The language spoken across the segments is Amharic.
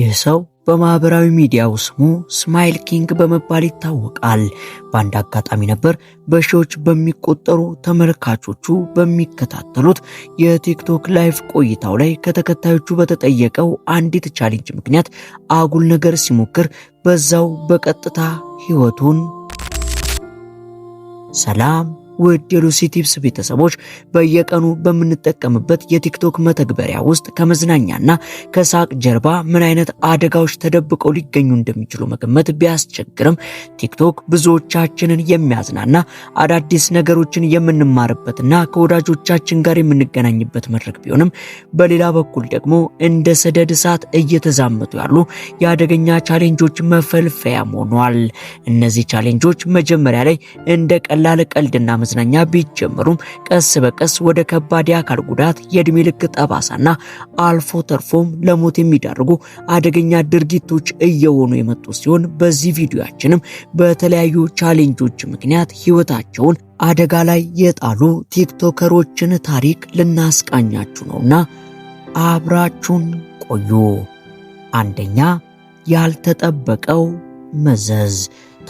ይህ ሰው በማህበራዊ ሚዲያው ስሙ ስማይል ኪንግ በመባል ይታወቃል። በአንድ አጋጣሚ ነበር በሺዎች በሚቆጠሩ ተመልካቾቹ በሚከታተሉት የቲክቶክ ላይቭ ቆይታው ላይ ከተከታዮቹ በተጠየቀው አንዲት ቻሌንጅ ምክንያት አጉል ነገር ሲሞክር በዛው በቀጥታ ህይወቱን ሰላም ውድ የሉሲ ቲፕስ ቤተሰቦች በየቀኑ በምንጠቀምበት የቲክቶክ መተግበሪያ ውስጥ ከመዝናኛና ከሳቅ ጀርባ ምን አይነት አደጋዎች ተደብቀው ሊገኙ እንደሚችሉ መገመት ቢያስቸግርም ቲክቶክ ብዙዎቻችንን የሚያዝናና አዳዲስ ነገሮችን የምንማርበትና ከወዳጆቻችን ጋር የምንገናኝበት መድረክ ቢሆንም በሌላ በኩል ደግሞ እንደ ሰደድ እሳት እየተዛመቱ ያሉ የአደገኛ ቻሌንጆች መፈልፈያም ሆኗል። እነዚህ ቻሌንጆች መጀመሪያ ላይ እንደ ቀላል ቀልድና መዝናኛ ቢጀምሩም ቀስ በቀስ ወደ ከባድ የአካል ጉዳት፣ የእድሜ ልክ ጠባሳና አልፎ ተርፎም ለሞት የሚዳርጉ አደገኛ ድርጊቶች እየሆኑ የመጡ ሲሆን በዚህ ቪዲዮአችንም በተለያዩ ቻሌንጆች ምክንያት ህይወታቸውን አደጋ ላይ የጣሉ ቲክቶከሮችን ታሪክ ልናስቃኛችሁ ነውና አብራችሁን ቆዩ። አንደኛ ያልተጠበቀው መዘዝ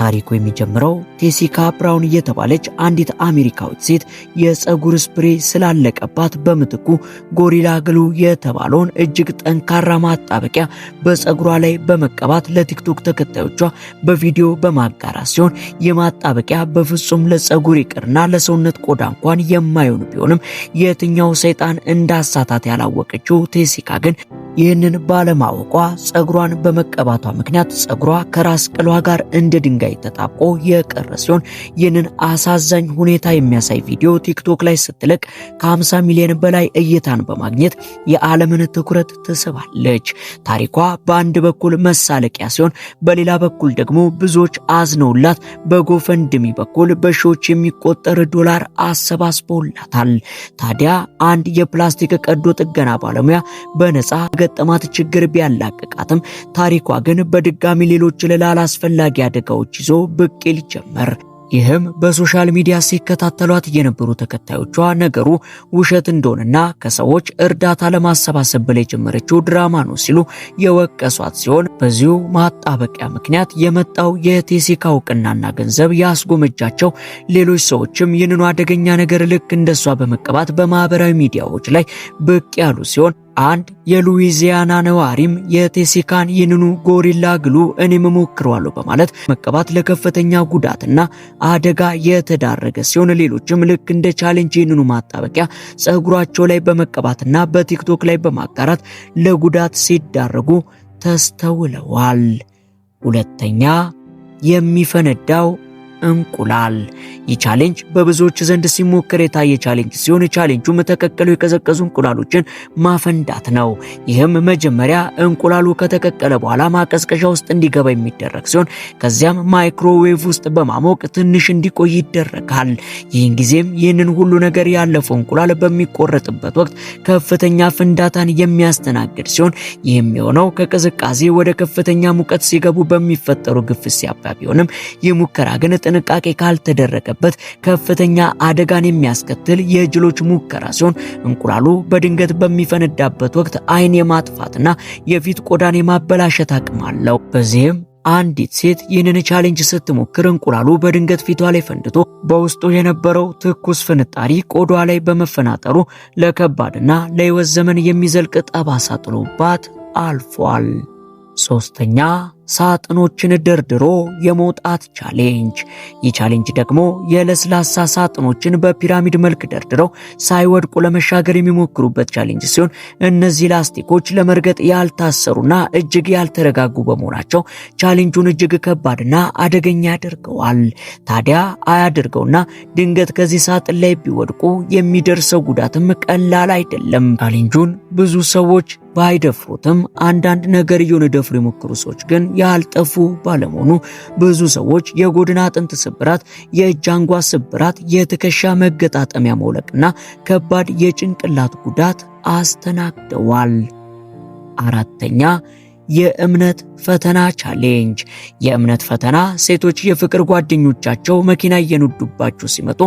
ታሪኩ የሚጀምረው ቴሲካ ብራውን እየተባለች አንዲት አሜሪካዊት ሴት የፀጉር ስፕሬ ስላለቀባት በምትኩ ጎሪላ ግሉ የተባለውን እጅግ ጠንካራ ማጣበቂያ በፀጉሯ ላይ በመቀባት ለቲክቶክ ተከታዮቿ በቪዲዮ በማጋራት ሲሆን የማጣበቂያ በፍጹም ለፀጉር ይቅርና ለሰውነት ቆዳ እንኳን የማይሆኑ ቢሆንም የትኛው ሰይጣን እንዳሳታት ያላወቀችው ቴሲካ ግን ይህንን ባለማወቋ ፀጉሯን በመቀባቷ ምክንያት ፀጉሯ ከራስ ቅሏ ጋር እንደ ድንጋይ ድንጋይ ተጣብቆ የቀረ ሲሆን ይህንን አሳዛኝ ሁኔታ የሚያሳይ ቪዲዮ ቲክቶክ ላይ ስትለቅ ከ50 ሚሊዮን በላይ እይታን በማግኘት የዓለምን ትኩረት ትስባለች። ታሪኳ በአንድ በኩል መሳለቂያ ሲሆን፣ በሌላ በኩል ደግሞ ብዙዎች አዝነውላት በጎፈንድሚ በኩል በሺዎች የሚቆጠር ዶላር አሰባስበውላታል። ታዲያ አንድ የፕላስቲክ ቀዶ ጥገና ባለሙያ በነፃ ገጠማት ችግር ቢያላቅቃትም ታሪኳ ግን በድጋሚ ሌሎች አስፈላጊ አደጋዎች ይዞ ብቅ ይል ጀመር። ይህም በሶሻል ሚዲያ ሲከታተሏት የነበሩ ተከታዮቿ ነገሩ ውሸት እንደሆነና ከሰዎች እርዳታ ለማሰባሰብ ብላ የጀመረችው ድራማ ነው ሲሉ የወቀሷት ሲሆን በዚሁ ማጣበቂያ ምክንያት የመጣው የቴሲካ እውቅናና ገንዘብ ያስጎመጃቸው ሌሎች ሰዎችም ይህንኑ አደገኛ ነገር ልክ እንደሷ በመቀባት በማህበራዊ ሚዲያዎች ላይ ብቅ ያሉ ሲሆን አንድ የሉዊዚያና ነዋሪም የቴሲካን ይህንኑ ጎሪላ ግሉ እኔም እሞክረዋለሁ በማለት መቀባት ለከፍተኛ ጉዳትና አደጋ የተዳረገ ሲሆን ሌሎችም ልክ እንደ ቻሌንጅ ይህንኑ ማጣበቂያ ፀጉራቸው ላይ በመቀባትና በቲክቶክ ላይ በማጋራት ለጉዳት ሲዳረጉ ተስተውለዋል። ሁለተኛ የሚፈነዳው እንቁላል። ይህ ቻሌንጅ በብዙዎች ዘንድ ሲሞከር የታየ ቻሌንጅ ሲሆን ቻሌንጁ ተቀቅለው የቀዘቀዙ እንቁላሎችን ማፈንዳት ነው። ይህም መጀመሪያ እንቁላሉ ከተቀቀለ በኋላ ማቀዝቀዣ ውስጥ እንዲገባ የሚደረግ ሲሆን ከዚያም ማይክሮዌቭ ውስጥ በማሞቅ ትንሽ እንዲቆይ ይደረጋል። ይህን ጊዜም ይህንን ሁሉ ነገር ያለፈው እንቁላል በሚቆረጥበት ወቅት ከፍተኛ ፍንዳታን የሚያስተናግድ ሲሆን ይህም የሆነው ከቅዝቃዜ ወደ ከፍተኛ ሙቀት ሲገቡ በሚፈጠሩ ግፊት ሲያባ ቢሆንም ይህ ሙከራ ግን ጥንቃቄ ካልተደረገበት ከፍተኛ አደጋን የሚያስከትል የጅሎች ሙከራ ሲሆን እንቁላሉ በድንገት በሚፈነዳበት ወቅት ዓይን የማጥፋትና የፊት ቆዳን የማበላሸት አቅም አለው። በዚህም አንዲት ሴት ይህንን ቻሌንጅ ስትሞክር እንቁላሉ በድንገት ፊቷ ላይ ፈንድቶ በውስጡ የነበረው ትኩስ ፍንጣሪ ቆዳዋ ላይ በመፈናጠሩ ለከባድና ለሕይወት ዘመን የሚዘልቅ ጠባሳ ጥሎባት አልፏል። ሶስተኛ ሳጥኖችን ደርድሮ የመውጣት ቻሌንጅ። ይህ ቻሌንጅ ደግሞ የለስላሳ ሳጥኖችን በፒራሚድ መልክ ደርድረው ሳይወድቁ ለመሻገር የሚሞክሩበት ቻሌንጅ ሲሆን እነዚህ ላስቲኮች ለመርገጥ ያልታሰሩና እጅግ ያልተረጋጉ በመሆናቸው ቻሌንጁን እጅግ ከባድና አደገኛ ያደርገዋል። ታዲያ አያድርገውና ድንገት ከዚህ ሳጥን ላይ ቢወድቁ የሚደርሰው ጉዳትም ቀላል አይደለም። ቻሌንጁን ብዙ ሰዎች ባይደፍሩትም አንዳንድ ነገርየውን ሊደፍሩ የሞከሩ ሰዎች ግን ያልጠፉ ባለመሆኑ ብዙ ሰዎች የጎድን አጥንት ስብራት፣ የእጅ አንጓ ስብራት፣ የትከሻ መገጣጠሚያ መውለቅና ከባድ የጭንቅላት ጉዳት አስተናግደዋል። አራተኛ የእምነት ፈተና ቻሌንጅ የእምነት ፈተና ሴቶች የፍቅር ጓደኞቻቸው መኪና እየነዱባቸው ሲመጡ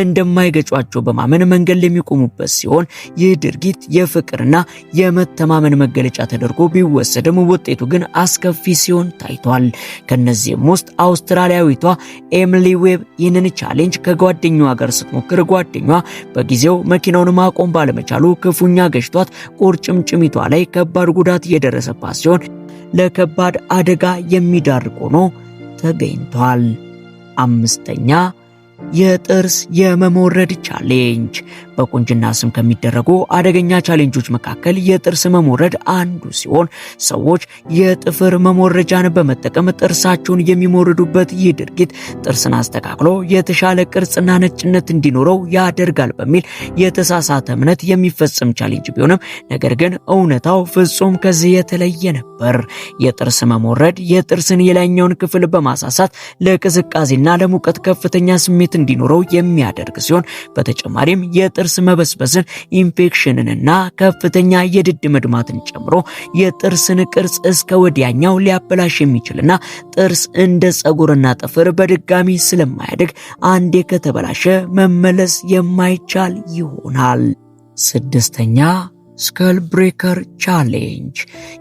እንደማይገጯቸው በማመን መንገድ የሚቆሙበት ሲሆን ይህ ድርጊት የፍቅርና የመተማመን መገለጫ ተደርጎ ቢወሰድም ውጤቱ ግን አስከፊ ሲሆን ታይቷል። ከነዚህም ውስጥ አውስትራሊያዊቷ ኤምሊ ዌብ ይህንን ቻሌንጅ ከጓደኛዋ ጋር ስትሞክር ጓደኛዋ በጊዜው መኪናውን ማቆም ባለመቻሉ ክፉኛ ገጭቷት ቁርጭምጭሚቷ ላይ ከባድ ጉዳት የደረሰባት ሲሆን ለከባድ አደጋ የሚዳርግ ሆኖ ተገኝቷል። አምስተኛ የጥርስ የመሞረድ ቻሌንጅ በቁንጅና ስም ከሚደረጉ አደገኛ ቻሌንጆች መካከል የጥርስ መሞረድ አንዱ ሲሆን ሰዎች የጥፍር መሞረጃን በመጠቀም ጥርሳቸውን የሚሞርዱበት ይህ ድርጊት ጥርስን አስተካክሎ የተሻለ ቅርጽና ነጭነት እንዲኖረው ያደርጋል በሚል የተሳሳተ እምነት የሚፈጸም ቻሌንጅ ቢሆንም ነገር ግን እውነታው ፍጹም ከዚህ የተለየ ነበር። የጥርስ መሞረድ የጥርስን የላይኛውን ክፍል በማሳሳት ለቅዝቃዜና ለሙቀት ከፍተኛ ስሜት እንዲኖረው የሚያደርግ ሲሆን በተጨማሪም የጥርስ መበስበስን፣ ኢንፌክሽንንና ከፍተኛ የድድ መድማትን ጨምሮ የጥርስን ቅርጽ እስከ ወዲያኛው ሊያበላሽ የሚችልና ጥርስ እንደ ጸጉርና ጥፍር በድጋሚ ስለማያድግ አንዴ ከተበላሸ መመለስ የማይቻል ይሆናል። ስድስተኛ ስከል ብሬከር ቻሌንጅ።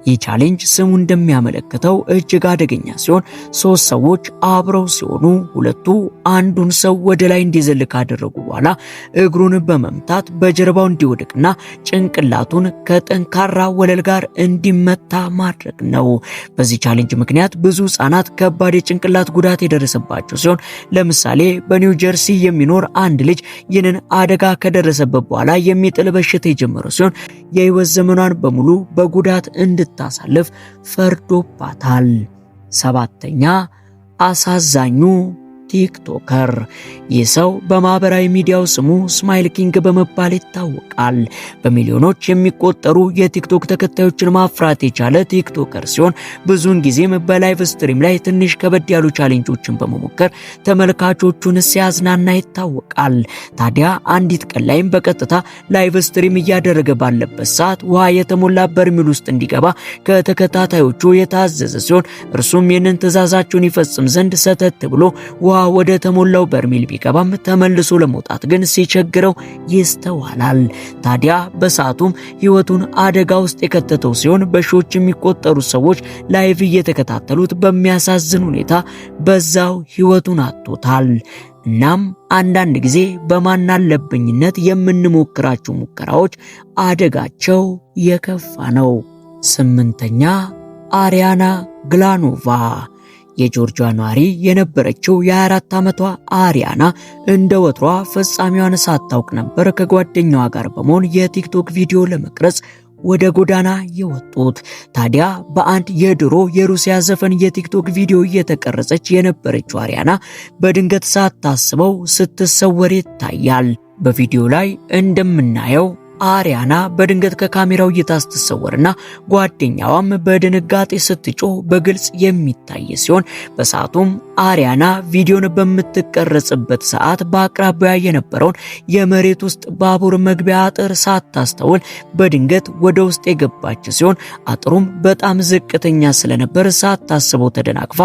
ይህ ቻሌንጅ ስሙ እንደሚያመለክተው እጅግ አደገኛ ሲሆን ሶስት ሰዎች አብረው ሲሆኑ ሁለቱ አንዱን ሰው ወደ ላይ እንዲዘል ካደረጉ በኋላ እግሩን በመምታት በጀርባው እንዲወድቅና ጭንቅላቱን ከጠንካራ ወለል ጋር እንዲመታ ማድረግ ነው። በዚህ ቻሌንጅ ምክንያት ብዙ ህጻናት ከባድ የጭንቅላት ጉዳት የደረሰባቸው ሲሆን ለምሳሌ በኒው ጀርሲ የሚኖር አንድ ልጅ ይህንን አደጋ ከደረሰበት በኋላ የሚጥል በሽታ የጀመረው ሲሆን የህይወት ዘመኗን በሙሉ በጉዳት እንድታሳልፍ ፈርዶባታል። ሰባተኛ አሳዛኙ ቲክቶከር። ይህ ሰው በማኅበራዊ ሚዲያው ስሙ ስማይል ኪንግ በመባል ይታወቃል። በሚሊዮኖች የሚቆጠሩ የቲክቶክ ተከታዮችን ማፍራት የቻለ ቲክቶከር ሲሆን ብዙውን ጊዜም በላይቭ ስትሪም ላይ ትንሽ ከበድ ያሉ ቻሌንጆችን በመሞከር ተመልካቾቹን ሲያዝናና ይታወቃል። ታዲያ አንዲት ቀን ላይም በቀጥታ ላይቭ ስትሪም እያደረገ ባለበት ሰዓት ውሃ የተሞላ በርሚል ውስጥ እንዲገባ ከተከታታዮቹ የታዘዘ ሲሆን እርሱም ይህንን ትዕዛዛቸውን ይፈጽም ዘንድ ሰተት ብሎ ውሃ ውሃ ወደ ተሞላው በርሜል ቢገባም ተመልሶ ለመውጣት ግን ሲቸግረው ይስተዋላል። ታዲያ በሰዓቱም ሕይወቱን አደጋ ውስጥ የከተተው ሲሆን በሺዎች የሚቆጠሩ ሰዎች ላይቭ እየተከታተሉት በሚያሳዝን ሁኔታ በዛው ሕይወቱን አጥቶታል። እናም አንዳንድ ጊዜ በማናለብኝነት የምንሞክራቸው ሙከራዎች አደጋቸው የከፋ ነው። ስምንተኛ አሪያና ግላኖቫ የጆርጂያ ነዋሪ የነበረችው የ24 ዓመቷ አሪያና እንደ ወትሯ ፍጻሜዋን ሳታውቅ ነበር ከጓደኛዋ ጋር በመሆን የቲክቶክ ቪዲዮ ለመቅረጽ ወደ ጎዳና የወጡት። ታዲያ በአንድ የድሮ የሩሲያ ዘፈን የቲክቶክ ቪዲዮ እየተቀረጸች የነበረችው አሪያና በድንገት ሳታስበው ስትሰወር ይታያል። በቪዲዮ ላይ እንደምናየው አሪያና በድንገት ከካሜራው እይታ ስትሰወርና ጓደኛዋም በድንጋጤ ስትጮህ በግልጽ የሚታይ ሲሆን በሰዓቱም አሪያና ቪዲዮን በምትቀረጽበት ሰዓት በአቅራቢያ የነበረውን የመሬት ውስጥ ባቡር መግቢያ አጥር ሳታስተውል በድንገት ወደ ውስጥ የገባች ሲሆን አጥሩም በጣም ዝቅተኛ ስለነበር ሳታስበው ተደናቅፋ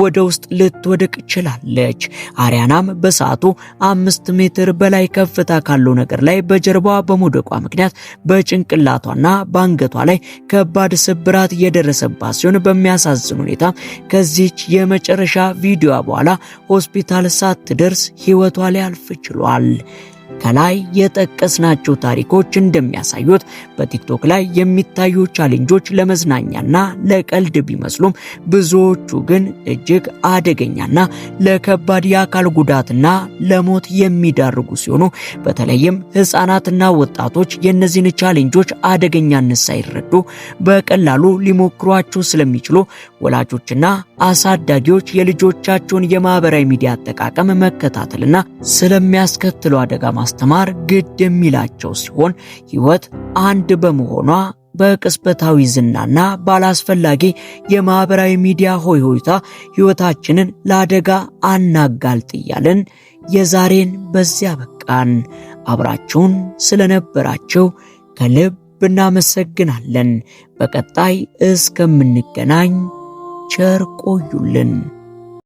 ወደ ውስጥ ልትወድቅ ችላለች። አሪያናም በሰዓቱ አምስት ሜትር በላይ ከፍታ ካለው ነገር ላይ በጀርባዋ በመውደቋ ምክንያት በጭንቅላቷና በአንገቷ ላይ ከባድ ስብራት የደረሰባት ሲሆን በሚያሳዝን ሁኔታ ከዚች የመጨረሻ ቪዲዮ ከቪዲዮ በኋላ ሆስፒታል ሳትደርስ ሕይወቷ ሊያልፍ ችሏል። ከላይ የጠቀስናቸው ታሪኮች እንደሚያሳዩት በቲክቶክ ላይ የሚታዩ ቻሌንጆች ለመዝናኛና ለቀልድ ቢመስሉም ብዙዎቹ ግን እጅግ አደገኛና ለከባድ የአካል ጉዳትና ለሞት የሚዳርጉ ሲሆኑ በተለይም ሕፃናትና ወጣቶች የእነዚህን ቻሌንጆች አደገኛነት ሳይረዱ በቀላሉ ሊሞክሯቸው ስለሚችሉ ወላጆችና አሳዳጊዎች የልጆቻቸውን የማህበራዊ ሚዲያ አጠቃቀም መከታተልና ስለሚያስከትለው አደጋ ማስተማር ግድ የሚላቸው ሲሆን ሕይወት አንድ በመሆኗ በቅጽበታዊ ዝናና ባላስፈላጊ የማህበራዊ ሚዲያ ሆይ ሆይታ ሕይወታችንን ለአደጋ አናጋልጥ እያልን የዛሬን በዚያ በቃን። አብራችሁን ስለነበራችሁ ከልብ እናመሰግናለን። በቀጣይ እስከምንገናኝ ቸር ቆዩልን።